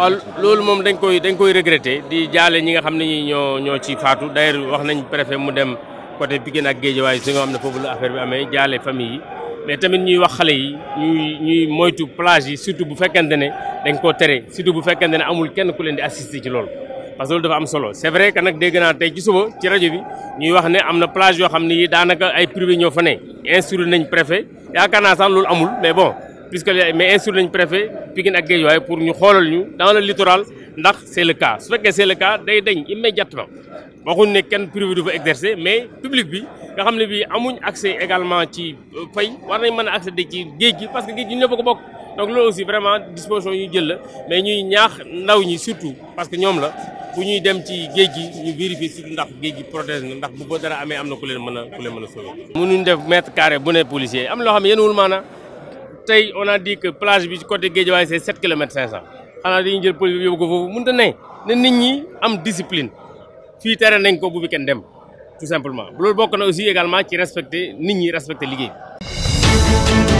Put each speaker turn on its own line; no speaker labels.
waaw loolu moom dañ koy dañ koy regretter di jaale ñi nga xam ne ñi ñoo ñoo ci faatu d'ailleurs wax nañ préfet mu dem côté Pikine ak Guédiawaye si nga xam ne foofu la affaire bi amee jaale famille yi mais tamit ñuy wax xale yi ñuy moytu plage yi surtout bu fekkente ne dañ koo tere surtout bu fekkente ne amul kenn ku leen di assister ci lool parce que loolu dafa am solo c'est vrai que nag dégg naa tey ci suba ci rajo bi ñuy wax ne am na plage yoo xam ne yi daanaka ay privé ñoo fa ne instruire nañ préfet yaakaar naa sax loolu amul mais bon puisque mais instruire le préfet Pikine ak Guédiawaye pour ñu xoolal ñu dans le littoral ndax c'est le cas su fekkee c'est le cas day dañ immédiatement waxuñ ne kenn privé du fa exercer mais public bi nga xam ne bii amuñ accès également ci euh, fay war nañ mën a accéder ci géej gi parce que géej gi ñëpp a ko donc loolu aussi vraiment disposition yi ñu jël la mais ñuy ñaax ndaw ñi surtout parce que ñoom la bu ñuy dem ci géej gi ñu vérifier surtout ndax géej gi protège na ndax bu ko dara amee am na ku leen mën a ku leen mën a mënuñ def mètre carré bu ne policier am loo xam ne yéen wul tey on di dit que plage bi côté Guédiawaye c'est sept kilomètres cinq cent xanaa dañuy jël police bi yóbbu ko foofu mënut ne na nit ñi am discipline fii tere nañ ko bu week dem tout simplement loolu bokk na aussi également ci respecter nit ñi respecter liggéey